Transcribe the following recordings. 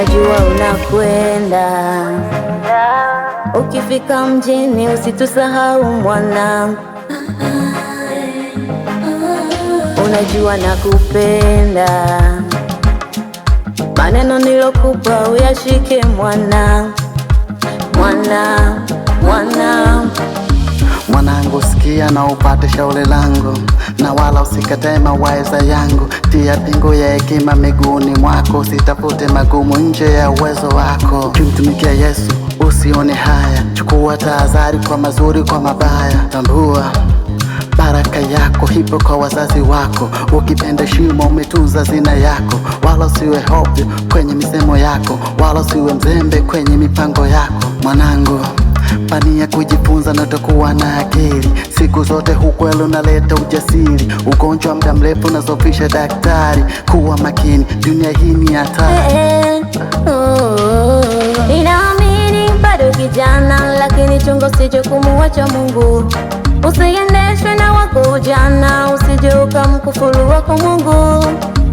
najua unakwenda. Ukifika mjini usitusahau mwanangu, unajua nakupenda. Maneno nilokupa uyashike mwanangu, mwanangu, mwanangu mwanangu, sikia na upate shauri langu, na wala usikatae mawaidha yangu. Tia pingu ya hekima miguuni mwako, usitafute magumu nje ya uwezo wako. Kimtumikia Yesu, usione haya. Chukua tahadhari kwa mazuri, kwa mabaya. Tambua baraka yako hipo kwa wazazi wako. Ukipenda shimo, umetunza zina yako, wala usiwe hope kwenye misemo yako, wala usiwe mzembe kwenye mipango yako, mwanangu pani ya kujifunza na utakuwa na akili siku zote. Ukweli unaleta ujasiri, ugonjwa muda mrefu unazofisha daktari. Kuwa makini, dunia hii ni hatari. Hey, eh, eh, oh, oh, inaamini bado kijana, lakini chungo sije kumuwacha Mungu. Usiendeshwe na wako ujana, usije ukamkufuru wako Mungu.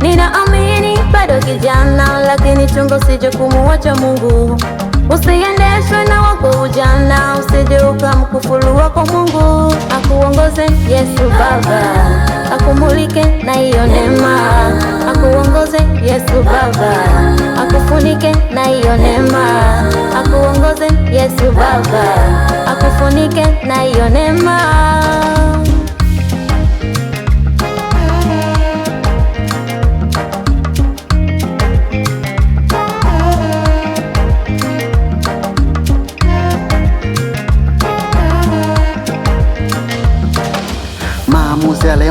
Ninaamini bado kijana, lakini chungo si jukumu, Mungu. Usiendeshwe na wako ujana, usije ukamkufuru wako Mungu. Akuongoze Yesu Baba, akumulike na hiyo neema. Akuongoze Yesu Baba, akufunike na hiyo neema. Akuongoze Yesu Baba, akufunike na hiyo neema.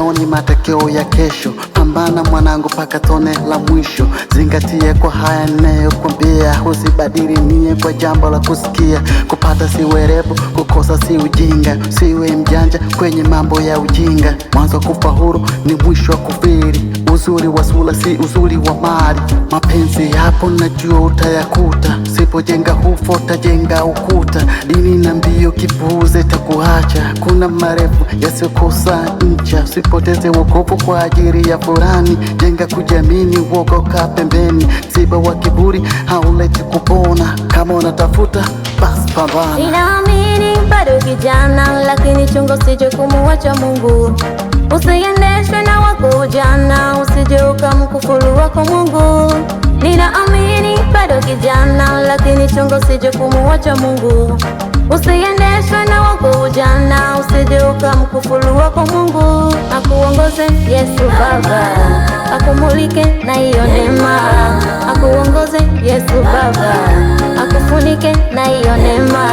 leo ni matokeo ya kesho. Pambana mwanangu, paka tone la mwisho. Zingatie kwa haya ninayokwambia, usibadili nie kwa jambo la kusikia. Kupata si werevu, kukosa si ujinga. Siwe mjanja kwenye mambo ya ujinga, mwanzo kufa huru ni mwisho wa kufiri. Uzuri wa sura si uzuri wa mali. Mapenzi yapo, najua utayakuta. Usipojenga hufa utajenga ukuta. Dini na mbio kipuuze, takuacha. Kuna marefu yasiyokosa ncha. Usipoteze wokovu kwa ajili ya furani. Jenga kujiamini, uokoka pembeni. Msiba wa kiburi hauleti kupona. Kama unatafuta basi pambana. Ninaamini bado kijana, lakini chungo si jukumu, Mungu usiendeshwe na jana, usije ukamkufuru wako Mungu. Ninaamini bado kijana, lakini chongo sije kumuacha Mungu. Usiendeshwe na wako ujana, usije ukamkufuru wako Mungu. Akuongoze Yesu Baba, akumulike na hiyo neema. Akuongoze Yesu Baba, akufunike na hiyo neema.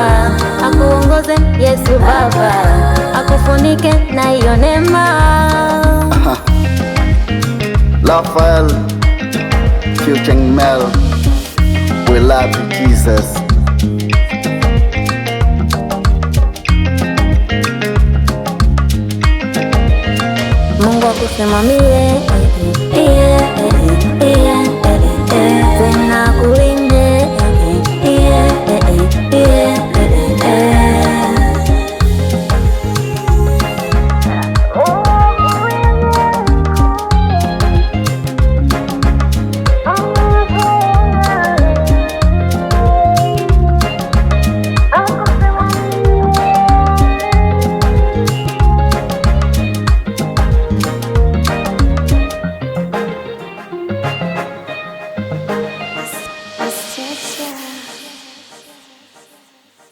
Akuongoze Yesu Baba, akufunike na hiyo neema. Rafael, Future Mel, we love you, Jesus. Mungu akusimamie.